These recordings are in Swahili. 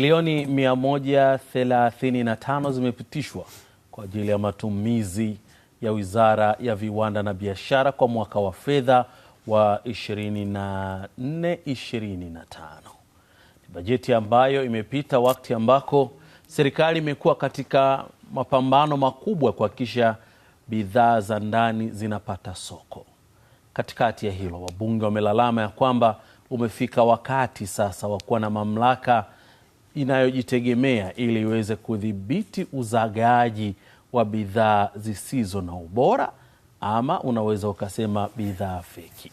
Bilioni 135 zimepitishwa kwa ajili ya matumizi ya Wizara ya Viwanda na Biashara kwa mwaka wa fedha wa 2425 Ni bajeti ambayo imepita wakati ambako serikali imekuwa katika mapambano makubwa kuhakikisha bidhaa za ndani zinapata soko. Katikati ya hilo, wabunge wamelalama ya kwamba umefika wakati sasa wa kuwa na mamlaka inayojitegemea ili iweze kudhibiti uzagaaji wa bidhaa zisizo na ubora ama unaweza ukasema bidhaa feki.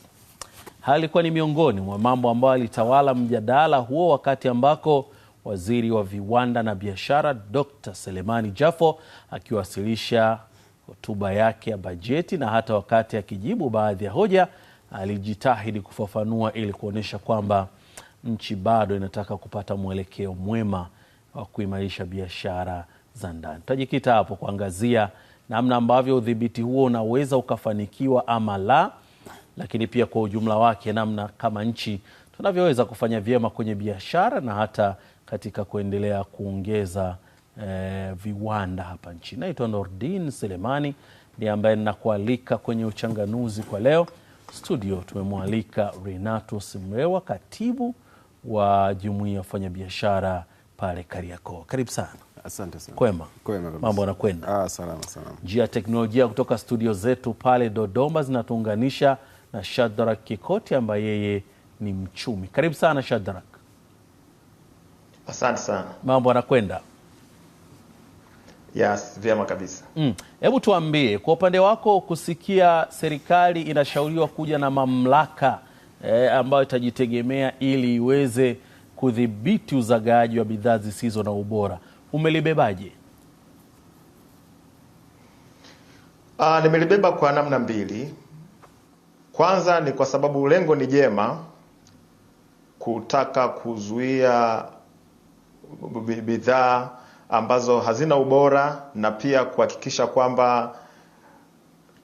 Haya ilikuwa ni miongoni mwa mambo ambayo alitawala mjadala huo wakati ambako waziri wa viwanda na biashara Dr. Selemani Jafo akiwasilisha hotuba yake ya bajeti, na hata wakati akijibu baadhi ya hoja alijitahidi kufafanua ili kuonyesha kwamba nchi bado inataka kupata mwelekeo mwema wa kuimarisha biashara za ndani. Tutajikita hapo kuangazia namna ambavyo udhibiti huo unaweza ukafanikiwa ama la, lakini pia kwa ujumla wake namna kama nchi tunavyoweza kufanya vyema kwenye biashara na hata katika kuendelea kuongeza eh, viwanda hapa nchini. Naitwa Nordin Selemani ndiye ambaye ninakualika kwenye uchanganuzi kwa leo. Studio tumemwalika Renato Simrewa, katibu wa jumuiya wafanyabiashara pale Kariakoo. Karibu sana. Asante sana. Kwema? Kwema kabisa. Mambo yanakwenda? Ah, salama salama. Njia ya teknolojia kutoka studio zetu pale Dodoma zinatuunganisha na Shadrack Kikoti ambaye yeye ni mchumi. Karibu sana Shadrack. Asante sana. Mambo yanakwenda? Yes, vyema kabisa. Mm. Hebu tuambie kwa upande wako kusikia serikali inashauriwa kuja na mamlaka eh, ambayo itajitegemea ili iweze kudhibiti uzagaaji wa bidhaa zisizo na ubora. Umelibebaje? Ah, nimelibeba kwa namna mbili. Kwanza ni kwa sababu lengo ni jema, kutaka kuzuia bidhaa ambazo hazina ubora na pia kuhakikisha kwamba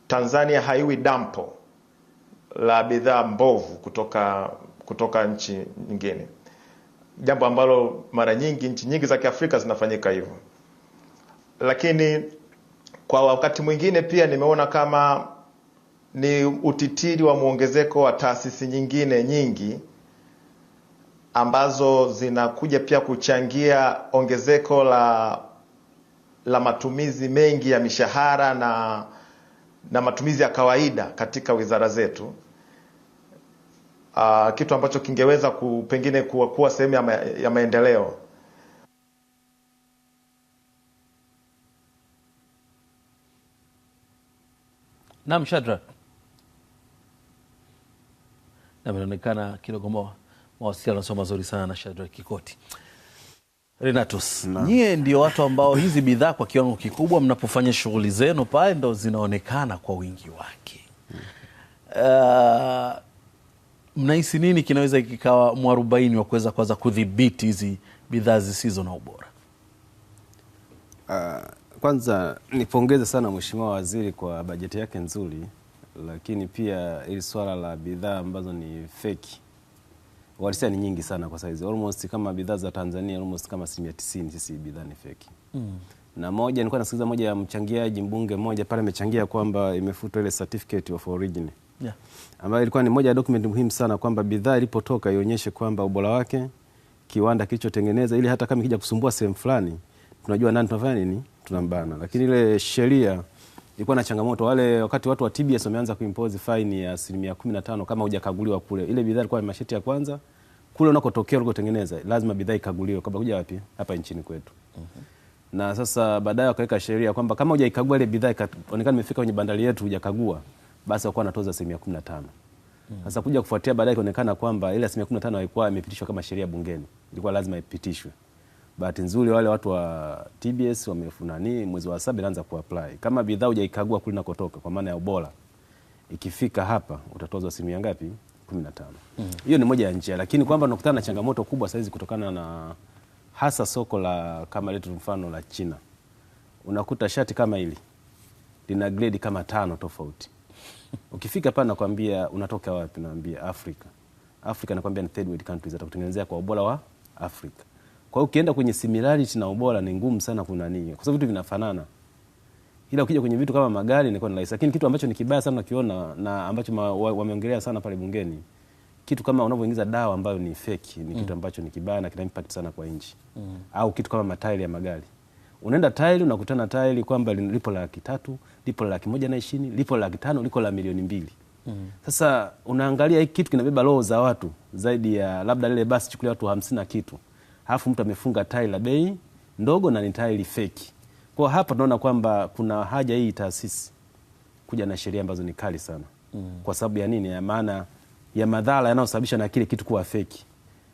Tanzania haiwi dampo la bidhaa mbovu kutoka kutoka nchi nyingine, jambo ambalo mara nyingi nchi nyingi za Kiafrika zinafanyika hivyo. Lakini kwa wakati mwingine pia nimeona kama ni utitiri wa mwongezeko wa taasisi nyingine nyingi ambazo zinakuja pia kuchangia ongezeko la la matumizi mengi ya mishahara na na matumizi ya kawaida katika wizara zetu. Uh, kitu ambacho kingeweza ku, pengine kuwa, kuwa sehemu ya, ma, ya maendeleo. Naam, Shadra, nam inaonekana kidogo mawasiliano sio mazuri sana na Shadra Kikoti. Renatus, nyie ndio watu ambao hizi bidhaa kwa kiwango kikubwa mnapofanya shughuli zenu pale ndo zinaonekana kwa wingi wake. Uh, mnahisi nini kinaweza kikawa mwarubaini wa kuweza kwanza kudhibiti hizi bidhaa zisizo na ubora? Uh, kwanza nipongeze sana Mheshimiwa Waziri kwa bajeti yake nzuri, lakini pia hili swala la bidhaa ambazo ni feki uhalisia ni nyingi sana kwa saizi, almost kama bidhaa za Tanzania almost kama asilimia tisini sisi bidhaa ni feki mm. Na moja nilikuwa nasikiliza moja ya mchangiaji mbunge mmoja pale amechangia kwamba imefutwa ile certificate of origin yeah, ambayo ilikuwa ni moja ya document muhimu sana kwamba bidhaa ilipotoka ionyeshe kwamba ubora wake, kiwanda kilichotengeneza, ili hata kama ikija kusumbua sehemu fulani tunajua nani tunafanya nini, tunambana. Lakini ile sheria ilikuwa na changamoto wale, wakati watu wa TBS wameanza kuimpose fine ya asilimia kumi kama hujakaguliwa kule. Ile bidhaa ilikuwa masheti ya kwanza kule unakotokea ulikotengeneza, lazima bidhaa ikaguliwe kabla kuja wapi, hapa nchini kwetu. mm -hmm. na sasa baadaye wakaweka sheria kwamba kama hujaikagua ile bidhaa ikaonekana imefika kwenye bandari yetu hujakagua, basi wakuwa wanatoza asilimia kumi na tano. Mhm. Sasa kuja kufuatia baadaye ikaonekana kwamba ile asilimia kumi haikuwa imepitishwa kama sheria bungeni, ilikuwa lazima ipitishwe bahati nzuri wale watu wa TBS wamefunani mwezi wa saba ilianza kuapply. Kama bidhaa hujaikagua kule nakotoka kwa maana ya ubora, ikifika hapa utatozwa simu ngapi? 15. Mm. Hiyo ni moja ya njia, lakini kwamba nakutana na changamoto kubwa saizi kutokana na hasa soko la kama letu mfano la China. Unakuta shati kama hili lina grade kama tano tofauti. Ukifika pale nakwambia unatoka wapi? Naambia Afrika. Afrika nakwambia ni third world countries, atakutengenezea kwa ubora wa Afrika. Kwa hiyo ukienda kwenye similarity na ubora ni ngumu sana kunanii, kwa sababu vitu vinafanana, ila ukija kwenye vitu kama magari ni ni rahisi. Lakini kitu ambacho ni kibaya sana nakiona na ambacho wameongelea wa sana pale bungeni, kitu kama unavyoingiza dawa ambayo ni fake ni kitu mm. ambacho ni kibaya na kina impact sana kwa nchi mm. Au kitu kama matairi ya magari unaenda tairi unakutana tairi kwamba lipo la laki tatu lipo la laki moja na ishirini lipo la laki tano liko la milioni mbili mm. Sasa unaangalia hiki kitu kinabeba roho za watu zaidi ya labda lile basi chukulia watu hamsini na kitu alafu mtu amefunga tai la bei ndogo na ni tai feki. Kwa hapa tunaona kwamba kuna haja hii taasisi kuja na sheria ambazo ni kali sana mm. Kwa sababu ya nini? Ya maana ya madhara yanayosababishwa na kile kitu kuwa feki.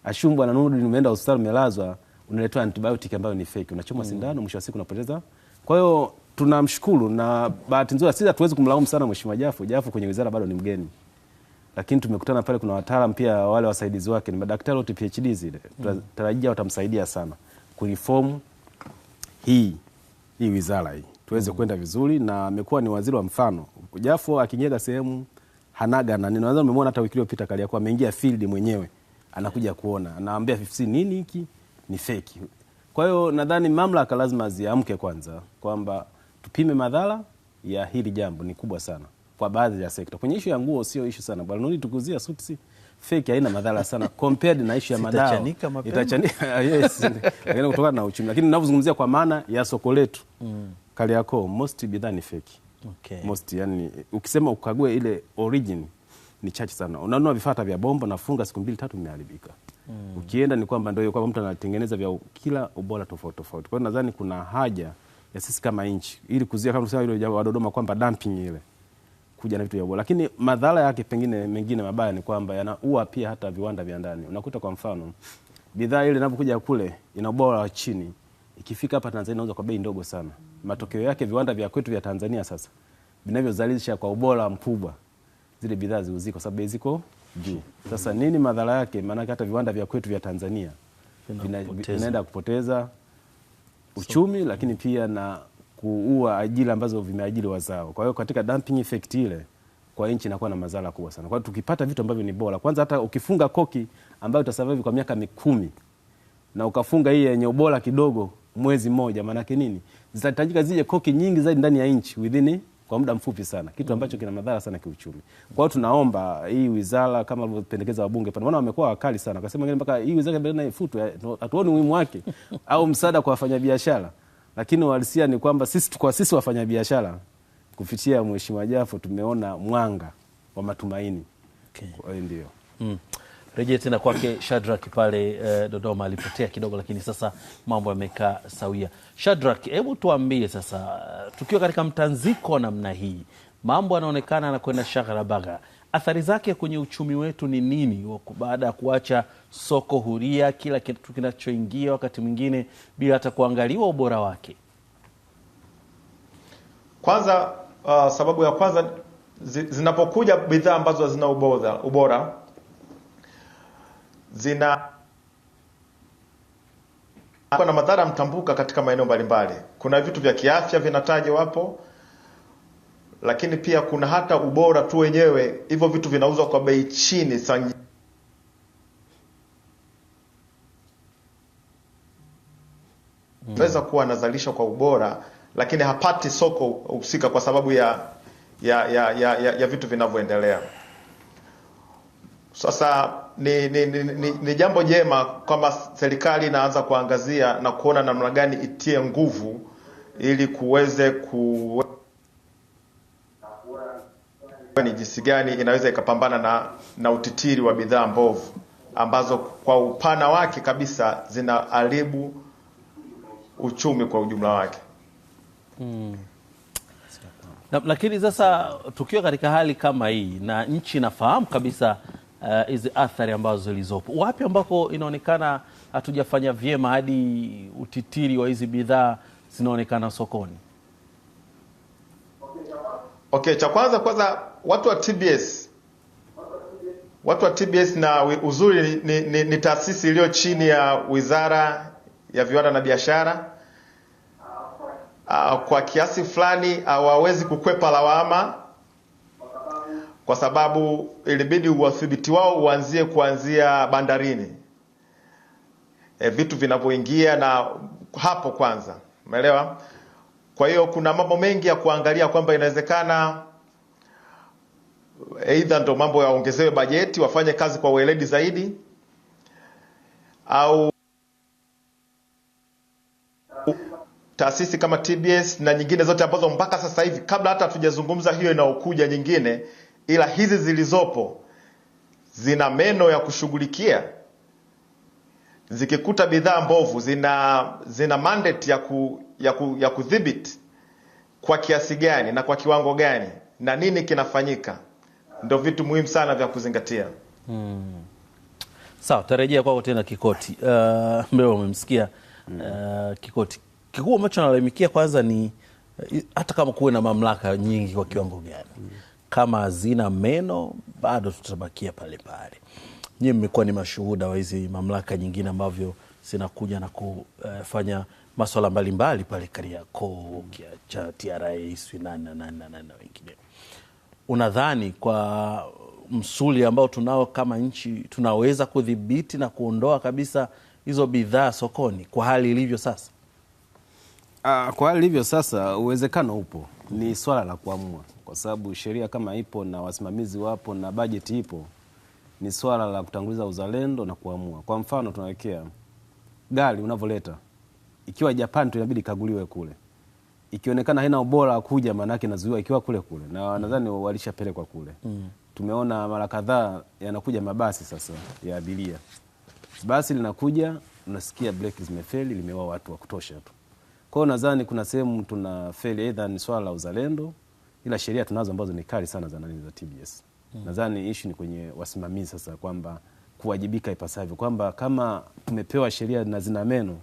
Ashumbwa na Nurdin, umeenda hospitali umelazwa, unaletwa antibiotic ambayo ni feki, unachomwa mm. sindano, mwisho wa siku unapoteza. Kwa hiyo tunamshukuru na bahati nzuri sisi hatuwezi kumlaumu sana Mheshimiwa jafu jafu kwenye wizara bado ni mgeni lakini tumekutana pale, kuna wataalam pia wale wasaidizi wake ni madaktari wote PhD zile, hmm. tarajia watamsaidia sana kureform hii hii wizara hii tuweze hmm. kwenda vizuri, na amekuwa ni waziri wa mfano. Jafo akinyega sehemu hanaga na nini, neno, umemwona hata wiki iliyopita kali yakuwa ameingia field mwenyewe, anakuja kuona, anaambia fifsi nini hiki ni feki. Kwa hiyo nadhani mamlaka lazima ziamke kwanza, kwamba tupime madhara ya hili jambo, ni kubwa sana kwa baadhi ya sekta. Kwenye ishu ya nguo sio ishu sana bwana, nuni tukuzia suti fake haina madhara sana compared na ishu ya madawa itachanika, yes, lakini kutokana na uchumi, lakini ninavyozungumzia kwa maana ya soko letu mm. Kariakoo most bidhaa ni fake okay. Most yani, ukisema ukague ile origin ni chache sana. Unanunua vifaa vya bomba na funga siku mbili tatu vimeharibika. Mm. Ukienda ni kwamba ndio kwa mtu anatengeneza vya kila ubora tofauti tofauti. Kwa hiyo nadhani kuna haja ya sisi kama nchi ili kuzuia kama tunasema ile wa Dodoma kwamba dumping ile mm kuja na vitu vya ubora, lakini madhara yake pengine mengine mabaya ni kwamba yanaua pia hata viwanda vya ndani. Unakuta kwa mfano bidhaa ile inapokuja kule ina ubora wa chini, ikifika hapa Tanzania inauzwa kwa bei ndogo sana. Matokeo yake viwanda vya kwetu vya Tanzania sasa vinavyozalisha kwa ubora mkubwa zile bidhaa ziuzike kwa sababu bei ziko juu. Sasa nini madhara yake? Maanake hata viwanda vya kwetu vya Tanzania vinaenda kupoteza uchumi, lakini pia na kuua ajira ambazo vimeajiri wazao. Kwa hiyo katika dumping effect ile kwa nchi inakuwa na madhara kubwa sana. Kwa hiyo tukipata vitu ambavyo ni bora, kwanza hata ukifunga koki ambayo itasurvive kwa miaka mikumi na ukafunga hii yenye ubora kidogo mwezi mmoja, maana yake nini? Zitahitajika zije koki nyingi zaidi ndani ya nchi within kwa muda mfupi sana, kitu ambacho kina madhara sana kiuchumi. Kwa hiyo tunaomba hii wizara kama alivyopendekeza wabunge pale, maana wamekuwa wakali sana, akasema mpaka hii wizara ifutwe, hatuoni umuhimu wake au msaada kwa wafanyabiashara lakini uhalisia ni kwamba sisi, kwa sisi wafanyabiashara kupitia Mheshimiwa Jafo tumeona mwanga wa matumaini. Okay. Ndio. Mm. Rejea tena kwake Shadrack pale eh, Dodoma alipotea kidogo, lakini sasa mambo yamekaa sawia. Shadrack, hebu tuambie sasa, eh, tukiwa katika mtanziko namna hii, mambo yanaonekana yanakwenda shagharabagha athari zake kwenye uchumi wetu ni nini, baada ya kuacha soko huria, kila kitu kinachoingia wakati mwingine bila hata kuangaliwa ubora wake? Kwanza uh, sababu ya kwanza zinapokuja bidhaa ambazo hazina ubora, ubora zina kuna madhara mtambuka katika maeneo mbalimbali. Kuna vitu vya kiafya vinatajwa hapo, lakini pia kuna hata ubora tu wenyewe. Hivyo vitu vinauzwa kwa bei chini sanji mm. kuwa anazalisha kwa ubora lakini hapati soko husika kwa sababu ya ya ya ya, ya, ya vitu vinavyoendelea. Sasa ni ni, ni, ni, ni jambo jema kwamba serikali inaanza kuangazia na kuona namna gani itie nguvu ili kuweze ku ni jinsi gani inaweza ikapambana na, na utitiri wa bidhaa mbovu ambazo kwa upana wake kabisa zinaharibu uchumi kwa ujumla wake Hmm. Na, lakini sasa tukiwa katika hali kama hii na nchi inafahamu kabisa eh, hizi uh, athari ambazo zilizopo, wapi ambako inaonekana hatujafanya vyema hadi utitiri wa hizi bidhaa zinaonekana sokoni? Okay, cha kwanza kwanza watu wa TBS watu wa TBS na uzuri ni, ni, ni taasisi iliyo chini ya Wizara ya Viwanda na Biashara. Ah, kwa kiasi fulani hawawezi kukwepa lawama, kwa sababu ilibidi udhibiti wao uanzie kuanzia bandarini, e, vitu vinavyoingia na hapo kwanza, umeelewa? Kwa hiyo kuna mambo mengi ya kuangalia kwamba inawezekana Aidha ndo mambo yaongezewe bajeti, wafanye kazi kwa weledi zaidi, au taasisi kama TBS na nyingine zote ambazo mpaka sasa hivi, kabla hata hatujazungumza hiyo inaokuja nyingine, ila hizi zilizopo zina meno ya kushughulikia. Zikikuta bidhaa mbovu, zina zina mandate ya ku, ya, ku, ya kudhibiti kwa kiasi gani na kwa kiwango gani na nini kinafanyika ndo vitu muhimu sana vya kuzingatia. Hmm. Sawa, tarejea kwako tena Kikoti. Uh, Mbeo umemsikia hmm. uh, Kikoti. Kikubwa ambacho analalamikia kwanza ni uh, hata kama kuwe na mamlaka nyingi kwa kiwango gani, hmm. kama hazina meno bado tutabakia pale pale. Nyie mmekuwa ni mashuhuda wa hizi mamlaka nyingine ambavyo zinakuja na kufanya uh, maswala mbalimbali pale Kariakoo, hmm. cha TRA, swi nani na nani na wengine unadhani kwa msuli ambao tunao kama nchi tunaweza kudhibiti na kuondoa kabisa hizo bidhaa sokoni kwa hali ilivyo sasa? Uh, kwa hali ilivyo sasa uwezekano upo, ni swala la kuamua, kwa sababu sheria kama ipo na wasimamizi wapo na bajeti ipo, ni swala la kutanguliza uzalendo na kuamua. Kwa mfano tunawekea gari unavyoleta, ikiwa Japan tu inabidi ikaguliwe kule ikionekana haina ubora wa kuja, maanake inazuiwa ikiwa kule kule, na nadhani walishapelekwa kule mm. Tumeona mara kadhaa yanakuja mabasi sasa ya abiria, basi linakuja unasikia breki zimefeli, limewa watu wa kutosha tu. Kwa hiyo nadhani kuna sehemu tuna feli, aidha ni swala la uzalendo, ila sheria tunazo ambazo ni kali sana za nani za TBS mm. Nadhani ishu ni kwenye wasimamizi sasa, kwamba kuwajibika ipasavyo, kwamba kama tumepewa sheria na zina meno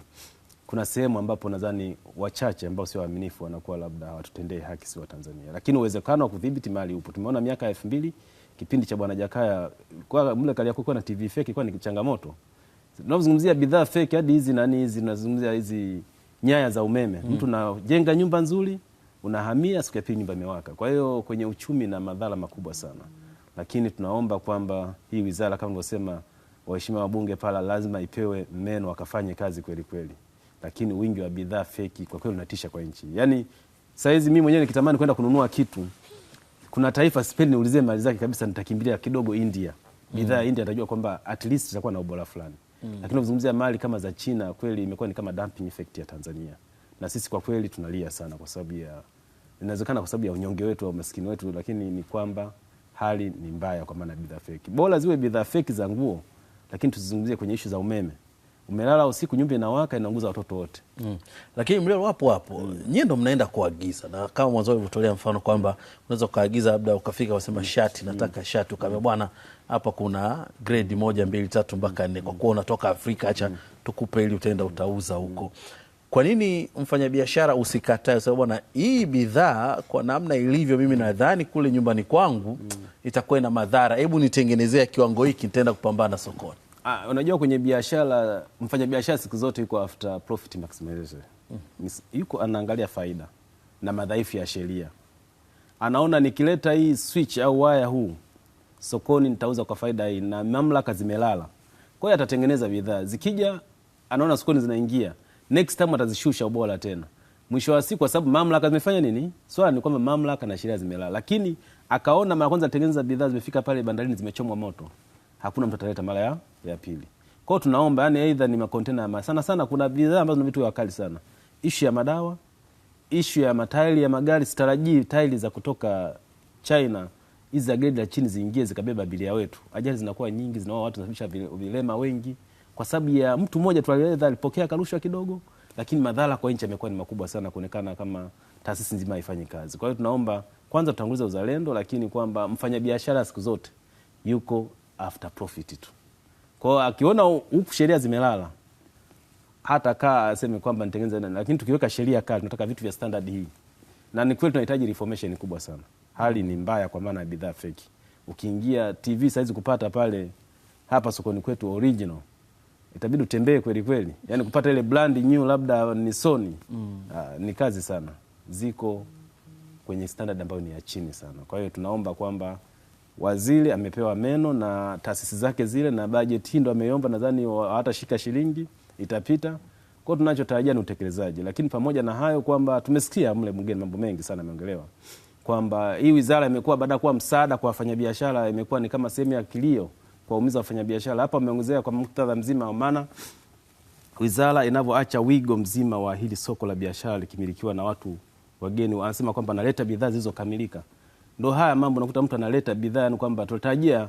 kuna sehemu ambapo nadhani wachache ambao sio waaminifu wanakuwa labda hawatutendee haki si wa Tanzania, lakini uwezekano wa kudhibiti mali upo. Tumeona miaka elfu mbili kipindi cha Bwana Jakaya kwa mle kali kuwa na TV fake ilikuwa ni changamoto. Tunazungumzia bidhaa fake hadi hizi nani hizi, tunazungumzia hizi nyaya za umeme mm. Mtu unajenga nyumba nzuri unahamia, siku ya pili nyumba imewaka. Kwa hiyo kwenye uchumi na madhara makubwa sana, lakini tunaomba kwamba hii wizara kama nilivyosema, waheshimiwa wabunge pala lazima ipewe meno wakafanye kazi kweli kweli lakini wingi wa bidhaa feki kwa kweli unatisha kwa nchi. Yaani saizi mimi mwenyewe nikitamani kwenda kununua kitu, kuna taifa sipendi niulizie mali zake kabisa, nitakimbilia kidogo India. Bidhaa mm. India atajua kwamba at least itakuwa na ubora fulani mm. Lakini ukizungumzia mali kama za China kweli imekuwa ni kama dumping effect ya Tanzania, na sisi kwa kweli tunalia sana kwa sababu ya inawezekana kwa sababu ya unyonge wetu au umaskini wetu, lakini ni kwamba hali ni mbaya kwa maana bidhaa feki. Bora ziwe bidhaa feki za nguo, lakini tusizungumzie kwenye ishu za umeme umelala usiku, nyumba inawaka, inaunguza watoto wote mm. Lakini mlio wapo hapo mm. Nyie ndo mnaenda kuagiza, na kama mwanzo ulivyotolea mfano kwamba unaweza ukaagiza labda ukafika ukasema mm. shati nataka mm. shati, ukaambia mm. bwana, hapa kuna grade moja mbili tatu mpaka nne, kwa kuwa unatoka Afrika, acha mm. tukupe ili utaenda utauza huko Kwa nini mfanyabiashara usikatae? Sababu bwana, hii bidhaa kwa namna ilivyo, mimi nadhani kule nyumbani kwangu mm. itakuwa ina madhara, hebu nitengenezea kiwango hiki, nitaenda kupambana sokoni. Uh, unajua kwenye biashara, mfanya biashara siku zote yuko after profit maximization. Mm. Yuko anaangalia faida na madhaifu ya sheria, anaona nikileta hii switch au waya huu sokoni nitauza kwa faida hii, na mamlaka zimelala. Kwa hiyo atatengeneza bidhaa zikija, anaona sokoni zinaingia, next time atazishusha ubora tena, mwisho wa siku, kwa sababu mamlaka zimefanya nini? Swala ni kwamba mamlaka na sheria zimelala, lakini akaona mara kwanza atengeneza bidhaa zimefika pale bandarini, zimechomwa moto hakuna mtu ataleta mara ya, ya pili. kwao tunaomba yani, aidha ni makontena ya sana sana, kuna bidhaa ambazo ni vitu vya wakali sana, ishu ya madawa, ishu ya matairi ya magari. Sitarajii tairi za kutoka China hizi za gredi la chini ziingie zikabeba abiria wetu. Ajali zinakuwa nyingi, zinaua watu, zinasababisha vilema wengi kwa sababu ya mtu mmoja tu alipokea karushwa kidogo, lakini madhara kwa nchi amekuwa ni makubwa sana, kuonekana kama taasisi nzima haifanyi kazi. Kwa hiyo tunaomba kwanza tutanguliza uzalendo, lakini kwamba mfanyabiashara siku zote yuko after profit tu. Kwa hiyo akiona huku sheria zimelala hata kaa aseme kwamba nitengeneza nani, lakini tukiweka sheria kali, tunataka vitu vya standard hii, na ni kweli tunahitaji reformation kubwa sana. Hali ni mbaya kwa maana ya bidhaa feki. Ukiingia TV saizi kupata pale hapa sokoni kwetu original itabidi utembee kweli kweli, yani kupata ile brand new labda ni Sony mm. Uh, ni kazi sana, ziko kwenye standard ambayo ni ya chini sana. Kwa hiyo tunaomba kwamba waziri amepewa meno na taasisi zake zile, na bajeti hii ndo ameomba, nadhani hawatashika shilingi, itapita Kwa kwao. Tunachotarajia ni utekelezaji, lakini pamoja na hayo kwamba tumesikia mle mgeni mambo mengi sana ameongelewa kwamba hii wizara imekuwa baada ya kuwa msaada kwa wafanyabiashara imekuwa ni kama sehemu ya kilio kwa kuwaumiza wafanyabiashara. Hapa ameongezea kwa muktadha mzima, wa maana wizara inavyoacha wigo mzima wa hili soko la biashara likimilikiwa na watu wageni, anasema kwamba naleta bidhaa zilizokamilika ndo haya mambo nakuta mtu analeta bidhaa ni kwamba tunatarajia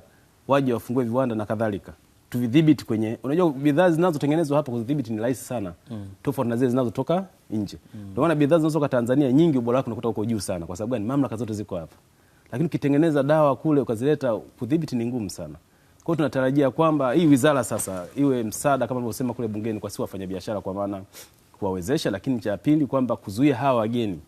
waje wafungue viwanda na kadhalika tuvidhibiti kwenye unajua bidhaa zinazotengenezwa hapa kuzidhibiti ni rahisi sana mm. tofauti na zile zinazotoka nje mm. ndio maana bidhaa zinazotoka Tanzania nyingi ubora wake unakuta uko juu sana kwa sababu gani mamlaka zote ziko hapa lakini ukitengeneza dawa kule ukazileta kudhibiti ni ngumu sana kwa hiyo tunatarajia kwamba hii wizara sasa iwe msaada kama alivyosema kule bungeni kwa si wafanyabiashara kwa maana kuwawezesha lakini cha pili kwamba kuzuia hawa wageni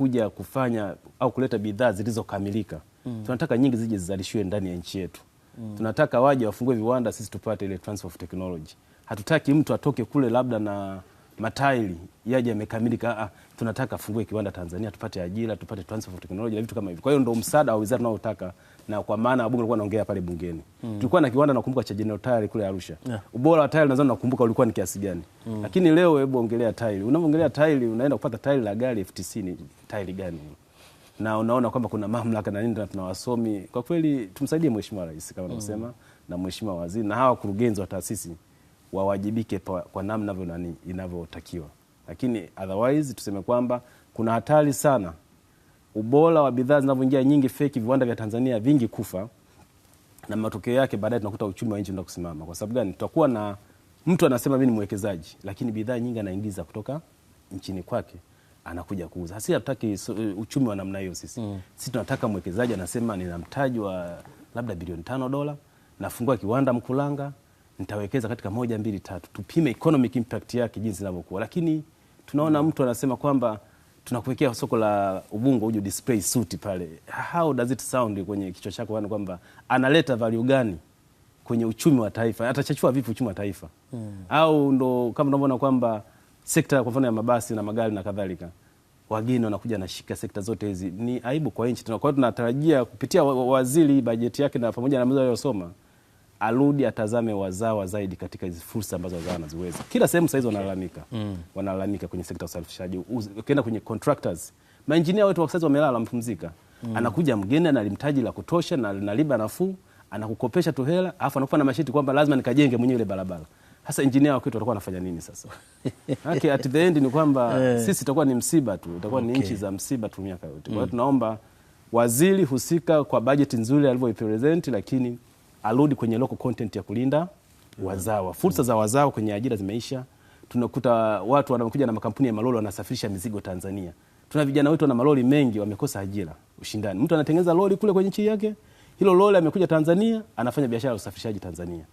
kuja kufanya au kuleta bidhaa zilizokamilika mm. Tunataka nyingi zije zizalishiwe ndani ya nchi yetu mm. Tunataka waje wafungue viwanda, sisi tupate ile transfer of technology. Hatutaki mtu atoke kule labda na mataili yaje yamekamilika. Ah, ah, tunataka afungue kiwanda Tanzania, tupate ajira, tupate transfer of technology na vitu kama hivyo. Kwa hiyo ndio msaada wa wizara tunaotaka na kwa maana wabunge walikuwa wanaongea pale bungeni mm. tulikuwa na kiwanda nakumbuka cha General Tyre kule Arusha yeah. ubora wa tyre nadhani nakumbuka ulikuwa ni kiasi gani mm. lakini leo hebu ongelea tyre unapoongelea tyre unaenda kupata tyre la gari elfu tisini tyre gani na unaona kwamba kuna mamlaka na nini na tunawasomi kwa kweli tumsaidie mheshimiwa rais kama unasema mm. na mheshimiwa waziri na hawa kurugenzi wa taasisi wawajibike pa, kwa namna nani inavyotakiwa lakini otherwise tuseme kwamba kuna hatari sana ubora wa bidhaa zinavyoingia nyingi feki, viwanda vya Tanzania vingi kufa, na matokeo yake baadaye tunakuta uchumi wa nchi ndio kusimama. Kwa sababu gani? Tutakuwa na mtu anasema mimi ni mwekezaji, lakini bidhaa nyingi anaingiza kutoka nchini kwake anakuja kuuza. Sisi hatutaki uh, uchumi wa namna hiyo sisi. Mm. Sisi tunataka mwekezaji anasema nina mtaji wa labda bilioni tano dola, nafungua kiwanda Mkulanga, nitawekeza katika moja mbili tatu, tupime economic impact yake jinsi inavyokuwa. Lakini tunaona mm. mtu anasema kwamba tunakuwekea soko la Ubungo huyo display suit pale, how does it sound kwenye kichwa chako, yani kwamba analeta value gani kwenye uchumi wa taifa, atachachua vipi uchumi wa taifa mm. au ndo kama unavyoona kwamba sekta kwa mfano ya mabasi na magari na kadhalika, wageni wanakuja nashika sekta zote hizi, ni aibu kwa nchi. Kwa tunatarajia kupitia waziri bajeti yake na pamoja na mzee aliyosoma arudi atazame wazawa zaidi katika hizi fursa ambazo wazawa wanaziweza. Kila sehemu sahizi wanalalamika mm. wanalalamika kwenye sekta ya usafirishaji. Ukienda kwenye contractors, mainjinia wetu wasaizi wamelala, wamepumzika mm. anakuja mgeni analimtaji la kutosha na naliba nafuu, anakukopesha tu hela, alafu anakupa na mashiti kwamba lazima nikajenge mwenyewe ile barabara hasa injinia wakwetu watakuwa anafanya nini sasa? Haki at the end ni kwamba eh, sisi itakuwa ni msiba tu, itakuwa okay, ni nchi za msiba tu miaka yote. Kwa hiyo mm, tunaomba waziri husika kwa bajeti nzuri alivyoipresenti lakini arudi kwenye local content ya kulinda wazawa. Mm-hmm. Fursa za wazawa kwenye ajira zimeisha. Tunakuta watu wanakuja na makampuni ya malori wanasafirisha mizigo Tanzania. Tuna vijana wetu na malori mengi wamekosa ajira, ushindani. Mtu anatengeneza lori kule kwenye nchi yake, hilo lori amekuja Tanzania, anafanya biashara ya usafirishaji Tanzania.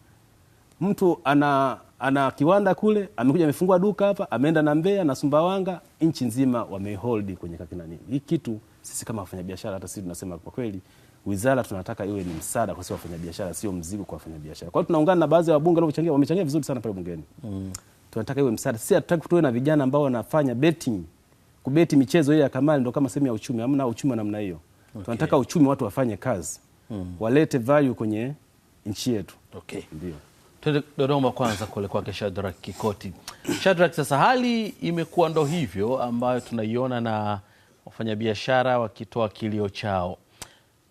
Mtu ana ana kiwanda kule, amekuja amefungua duka hapa, ameenda na Mbeya na Sumbawanga, nchi nzima wamehold kwenye kakinani. Hii kitu sisi kama wafanyabiashara, hata sisi tunasema kwa kweli wizara tunataka iwe ni msaada kwa sisi wafanyabiashara, sio mzigo kwa wafanyabiashara. Kwa hiyo tunaungana na baadhi ya wabunge waliochangia, wamechangia vizuri sana pale bungeni mm. tunataka iwe msaada. Sisi hatutaki tuwe na vijana ambao wanafanya betting, kubeti michezo hiyo ya kamari ndio kama sehemu ya uchumi. Hamna uchumi wa namna hiyo okay. tunataka uchumi, watu wafanye kazi mm. walete value kwenye nchi yetu okay. Ndio tuende Dodoma kwanza kule kwake Shadrack Kikoti. Shadrack, sasa hali imekuwa ndo hivyo ambayo tunaiona na wafanyabiashara wakitoa kilio chao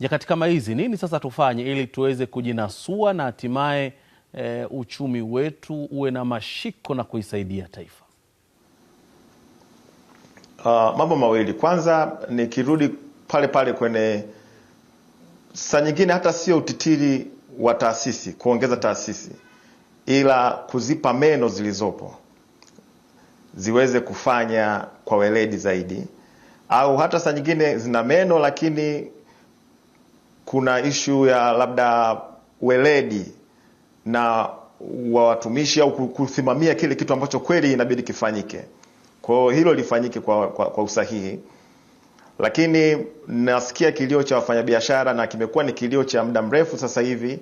Nyakati kama hizi nini sasa tufanye ili tuweze kujinasua na hatimaye e, uchumi wetu uwe na mashiko na kuisaidia taifa? Uh, mambo mawili. Kwanza nikirudi pale pale kwenye saa nyingine hata sio utitiri wa taasisi kuongeza taasisi, ila kuzipa meno zilizopo ziweze kufanya kwa weledi zaidi, au hata saa nyingine zina meno lakini kuna ishu ya labda weledi na wa watumishi au kusimamia kile kitu ambacho kweli inabidi kifanyike. Kwa hiyo hilo lifanyike kwa, kwa, kwa usahihi, lakini nasikia kilio cha wafanyabiashara na kimekuwa ni kilio cha muda mrefu sasa hivi.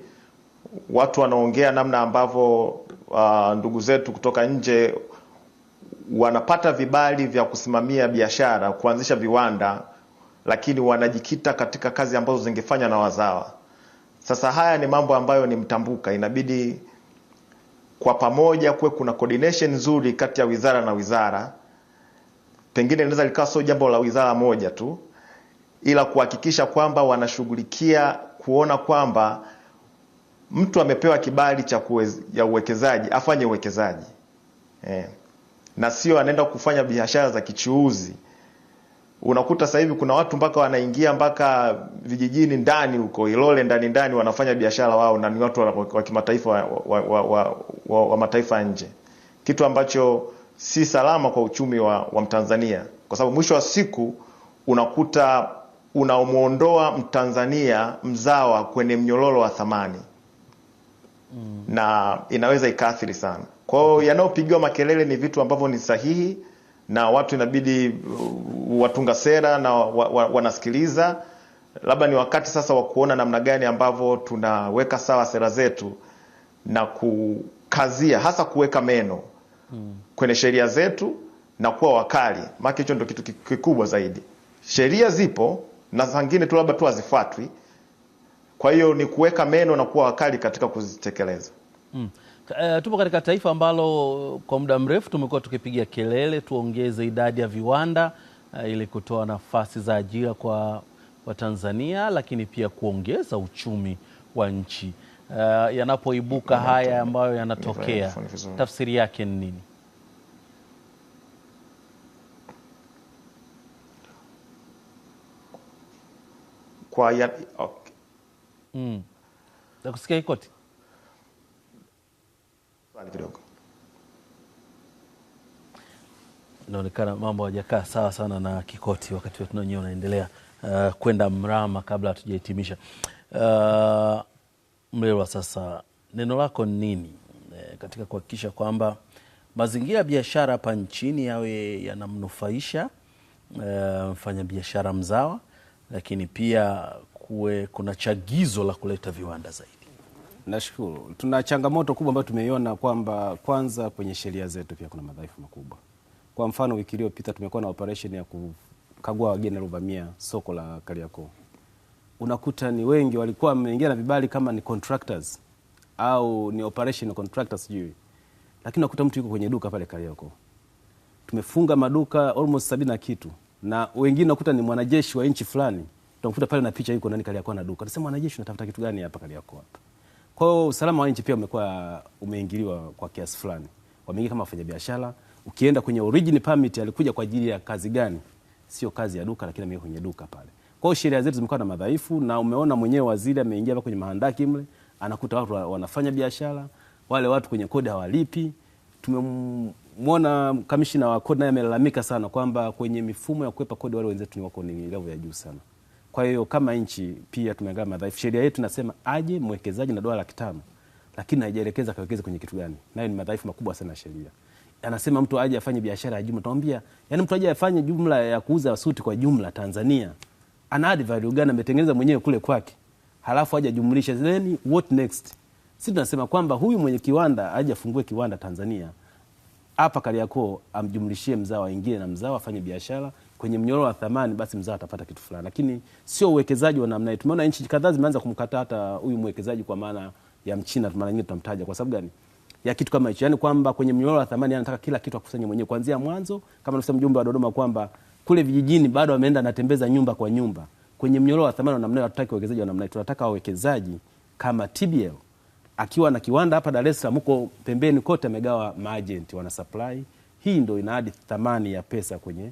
Watu wanaongea namna ambavyo uh, ndugu zetu kutoka nje wanapata vibali vya kusimamia biashara, kuanzisha viwanda lakini wanajikita katika kazi ambazo zingefanywa na wazawa. Sasa haya ni mambo ambayo ni mtambuka, inabidi kwa pamoja kuwe kuna coordination nzuri kati ya wizara na wizara. Pengine linaweza likawa sio jambo la wizara moja tu, ila kuhakikisha kwamba wanashughulikia kuona kwamba mtu amepewa kibali cha ya uwekezaji afanye uwekezaji eh, na sio anaenda kufanya biashara za kichuuzi unakuta sasa hivi kuna watu mpaka wanaingia mpaka vijijini ndani huko Ilole ndani ndani wanafanya biashara wao na ni watu wa, wa kimataifa wa, wa, wa, wa, wa, wa mataifa nje, kitu ambacho si salama kwa uchumi wa, wa Mtanzania, kwa sababu mwisho wa siku unakuta unamwondoa Mtanzania mzawa kwenye mnyororo wa thamani mm, na inaweza ikaathiri sana. Kwa hiyo yanayopigiwa makelele ni vitu ambavyo ni sahihi na watu inabidi uh, watunga sera na wa, wa, wanasikiliza. Labda ni wakati sasa wa kuona namna gani ambavyo tunaweka sawa sera zetu na kukazia hasa kuweka meno hmm, kwenye sheria zetu na kuwa wakali, maana hicho ndio kitu kikubwa zaidi. Sheria zipo na zingine tu labda tu hazifatwi kwa hiyo ni kuweka meno na kuwa wakali katika kuzitekeleza. Hmm. Uh, tupo katika taifa ambalo kwa muda mrefu tumekuwa tukipiga kelele tuongeze idadi ya viwanda uh, ili kutoa nafasi za ajira kwa Watanzania, lakini pia kuongeza uchumi wa nchi. Uh, yanapoibuka haya ambayo yanatokea, tafsiri yake ni nini? kwa ya, okay. mm. Nakusikia Ikoti mbali kidogo. Inaonekana mambo hajakaa sawa sana na Kikoti, wakati wetu wenyewe unaendelea uh, kwenda mrama. Kabla hatujahitimisha uh, Mlelwa, sasa neno lako ni nini e, katika kuhakikisha kwamba mazingira ya biashara hapa nchini yawe yanamnufaisha uh, mfanyabiashara mzawa, lakini pia kuwe kuna chagizo la kuleta viwanda zaidi? Nashukuru. Tuna changamoto kubwa ambayo tumeiona kwamba kwanza kwenye sheria zetu pia kuna madhaifu makubwa. Kwa mfano, wiki iliyopita tumekuwa na operation ya kukagua wageni waliovamia soko la Kariakoo. Unakuta ni wengi walikuwa wameingia na vibali kama ni contractors au ni operation contractors sijui, lakini unakuta mtu yuko kwenye duka pale Kariakoo. Tumefunga maduka almost sabini na kitu, na wengine unakuta ni mwanajeshi wa nchi fulani, tunakuta pale na picha yuko ndani Kariakoo na duka. Nasema mwanajeshi, unatafuta kitu gani hapa Kariakoo hapa? Kwa hiyo usalama wa nchi pia umekuwa umeingiliwa kwa kiasi fulani. Wameingia kama wafanyabiashara. Ukienda kwenye origin permit alikuja kwa ajili ya kazi gani? Sio kazi ya duka, lakini ameingia kwenye duka pale. Kwa hiyo sheria zetu zimekuwa na madhaifu, na umeona mwenyewe waziri ameingia hapa kwenye mahandaki mle, anakuta watu wanafanya biashara, wale watu kwenye kodi hawalipi. Tumemwona kamishina wa kodi naye amelalamika sana kwamba kwenye mifumo ya kukwepa kodi wale wenzetu ni wako ni level ya juu sana. Kwa hiyo kama nchi pia tumeangalia madhaifu. Sheria yetu nasema aje mwekezaji na dola laki tano, lakini haijaelekeza kawekeze kwenye kitu gani, nayo ni madhaifu makubwa sana ya sheria. Anasema mtu aje afanye biashara ya jumla, tunamwambia yani mtu aje afanye jumla ya kuuza suti kwa jumla Tanzania, ana add value gani? Ametengeneza mwenyewe kule kwake, halafu aje jumlishe, then what next? Sisi tunasema kwamba huyu mwenye kiwanda aje afungue kiwanda Tanzania hapa Kariakoo, amjumlishie mzao aingie na mzao afanye biashara kwenye mnyororo wa thamani, basi mzao atapata kitu fulani, lakini sio uwekezaji wa namna hii. Tumeona nchi kadhaa zimeanza kumkata hata huyu mwekezaji, kwa maana ya Mchina, mara nyingine tutamtaja. Kwa sababu gani? ya kitu kama hicho, yani kwamba kwenye mnyororo wa thamani anataka kila kitu akusanye mwenyewe kuanzia mwanzo, kama alivyosema mjumbe wa Dodoma kwamba kule vijijini bado ameenda anatembeza nyumba kwa nyumba. Kwenye mnyororo wa thamani wa namna hiyo hatutaki wawekezaji wa namna hiyo, tunataka wawekezaji kama TBL akiwa na kiwanda hapa Dar es Salaam, huko pembeni kote amegawa maajenti wana supply. Hii ndio inaadi thamani ya pesa kwenye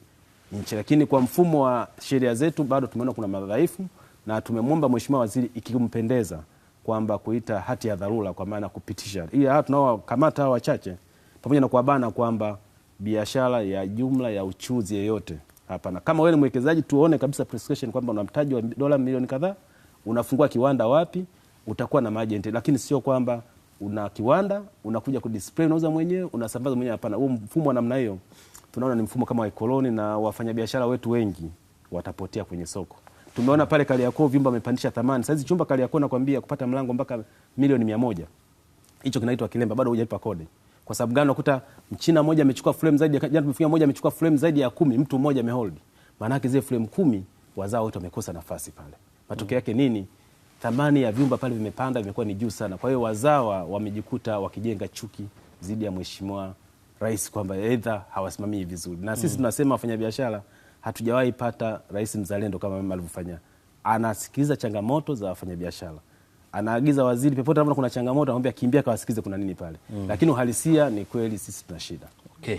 nchi, lakini kwa mfumo wa sheria zetu bado tumeona kuna madhaifu, na tumemwomba mheshimiwa waziri, ikimpendeza kwamba kuita hati ya dharura kwa maana kupitisha, ili hao tunaowakamata hao wachache, pamoja na kuwabana kwamba biashara ya jumla ya uchuzi yeyote hapana. Kama wewe ni mwekezaji, tuone kabisa prescription kwamba una mtaji wa dola milioni kadhaa, unafungua kiwanda wapi, utakuwa na majenti, lakini sio kwamba una kiwanda unakuja kudisplay, unauza mwenyewe, unasambaza mwenyewe. Hapana, huo mfumo wa namna hiyo tunaona ni mfumo kama wa koloni na wafanyabiashara wetu wengi watapotea kwenye soko. Tumeona pale Kariakoo vyumba wamepandisha thamani. Sasa chumba Kariakoo nakwambia kupata mlango mpaka milioni 100. Hicho kinaitwa kilemba bado hujalipa kodi. Kwa sababu gani? Unakuta mchina mmoja amechukua frame zaidi ya jana tumefikia mmoja amechukua frame zaidi ya kumi mtu mmoja amehold. Maana yake zile frame kumi wazao wote wamekosa nafasi pale. Matokeo yake nini? Thamani ya vyumba pale vimepanda, vimekuwa ni juu sana. Kwa hiyo wazawa wamejikuta wakijenga chuki dhidi ya mheshimiwa rais kwamba aidha hawasimamii vizuri, na sisi mm. tunasema mm. wafanyabiashara hatujawahi pata rais mzalendo kama mama alivyofanya. Anasikiliza changamoto za wafanyabiashara, anaagiza waziri popote anapoona kuna changamoto, anamwambia kimbia, kawasikize kuna nini pale mm. lakini uhalisia ni kweli, sisi tuna shida. Okay,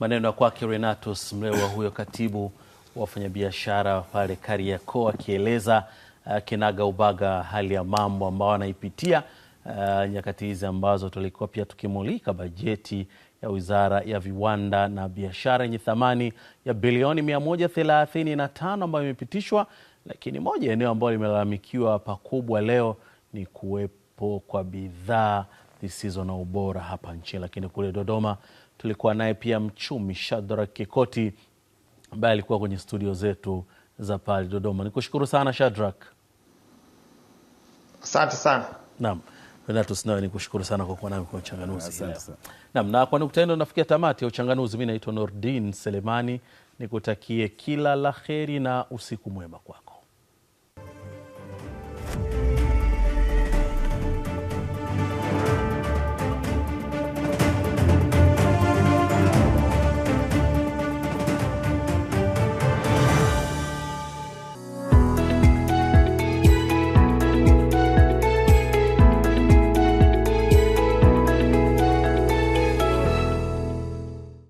maneno ya kwake Renatus Mlewa, huyo katibu wafanyabiashara pale Kariakoo akieleza uh, kinaga ubaga hali ya mambo ambayo anaipitia uh, nyakati hizi ambazo tulikuwa pia tukimulika bajeti ya Wizara ya Viwanda na Biashara yenye thamani ya bilioni 135 ambayo imepitishwa, lakini moja eneo ambayo limelalamikiwa pakubwa leo ni kuwepo kwa bidhaa zisizo na ubora hapa nchini. Lakini kule Dodoma tulikuwa naye pia mchumi Shadrack Kikoti ambaye alikuwa kwenye studio zetu za pale Dodoma. Nikushukuru sana Shadrack. Asante sana. Naam. Renatus, nawe ni kushukuru sana kwa kuwa nami kwa uchanganuzi nam. Na kwa nukta hilo nafikia tamati ya uchanganuzi. Mi naitwa Nordin Selemani, nikutakie kila la heri na usiku mwema kwako.